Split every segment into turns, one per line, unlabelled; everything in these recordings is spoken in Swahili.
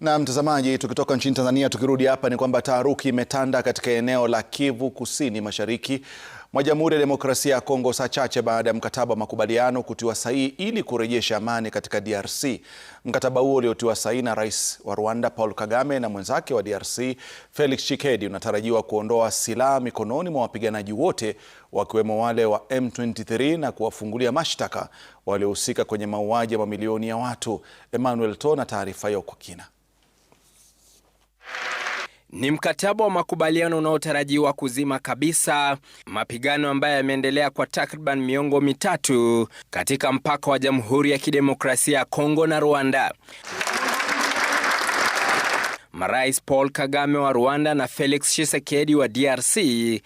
Na mtazamaji, tukitoka nchini Tanzania tukirudi hapa, ni kwamba taharuki imetanda katika eneo la Kivu Kusini, mashariki mwa Jamhuri ya Demokrasia ya Kongo, saa chache baada ya mkataba wa makubaliano kutiwa sahihi ili kurejesha amani katika DRC. Mkataba huo uliotiwa sahihi na Rais wa Rwanda Paul Kagame na mwenzake wa DRC Felix Tshisekedi unatarajiwa kuondoa silaha mikononi mwa wapiganaji wote wakiwemo wale wa M23 na kuwafungulia mashtaka waliohusika kwenye mauaji ya mamilioni ya watu. Emmanuel Tona taarifa hiyo kwa kina.
Ni mkataba wa makubaliano unaotarajiwa kuzima kabisa mapigano ambayo yameendelea kwa takriban miongo mitatu katika mpaka wa Jamhuri ya Kidemokrasia ya Kongo na Rwanda. Marais Paul Kagame wa Rwanda na Felix Tshisekedi wa DRC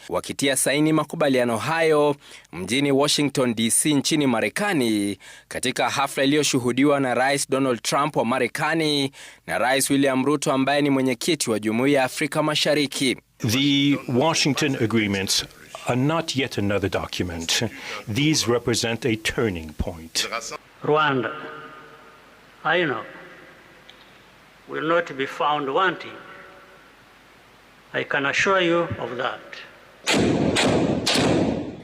wakitia saini makubaliano hayo mjini Washington DC nchini Marekani katika hafla iliyoshuhudiwa na Rais Donald Trump wa Marekani na Rais William Ruto ambaye ni mwenyekiti wa Jumuiya ya Afrika Mashariki.
The Washington agreements are not yet another document. These represent a turning point.
Rwanda. I know will not be found wanting. I can assure you of that.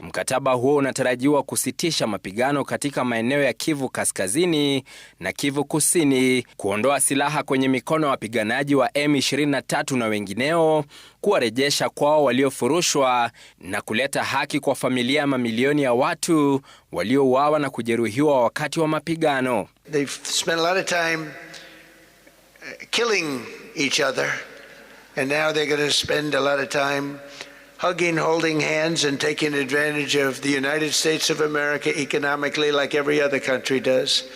Mkataba huo unatarajiwa kusitisha mapigano katika maeneo ya Kivu Kaskazini na Kivu Kusini, kuondoa silaha kwenye mikono ya wapiganaji wa M23 na wengineo, kuwarejesha kwao waliofurushwa na kuleta haki kwa familia ya mamilioni ya watu waliouawa na kujeruhiwa wakati wa mapigano.
They've spent a lot of time... killing each other, and now they're going to spend a lot of time hugging, holding hands, and taking advantage of the United States of America economically like every other country does.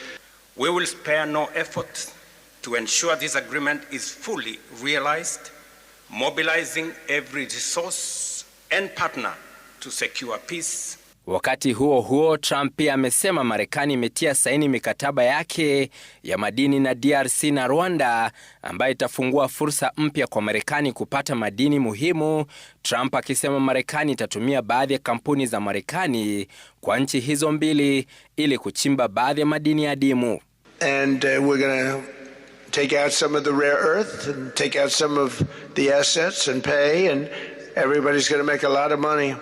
We will spare no effort to ensure this agreement is fully realized, mobilizing every resource and partner to secure peace
Wakati huo huo, Trump pia amesema Marekani imetia saini mikataba yake ya madini na DRC na Rwanda ambayo itafungua fursa mpya kwa Marekani kupata madini muhimu, Trump akisema Marekani itatumia baadhi ya kampuni za Marekani kwa nchi hizo mbili ili kuchimba baadhi ya madini adimu.
And, uh, we're gonna take out some of the rare earth and take out some of the assets and pay and everybody's gonna make a lot of money.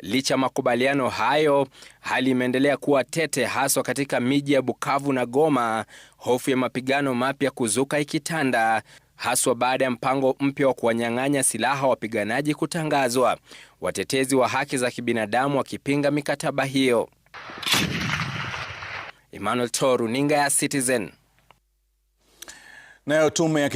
Licha ya makubaliano hayo, hali imeendelea kuwa tete, haswa katika miji ya Bukavu na Goma, hofu ya mapigano mapya kuzuka ikitanda haswa baada ya mpango mpya wa kuwanyang'anya silaha wapiganaji kutangazwa, watetezi wa haki za kibinadamu wakipinga mikataba hiyo. Emmanuel Toru, runinga ya Citizen. Nayo tume ya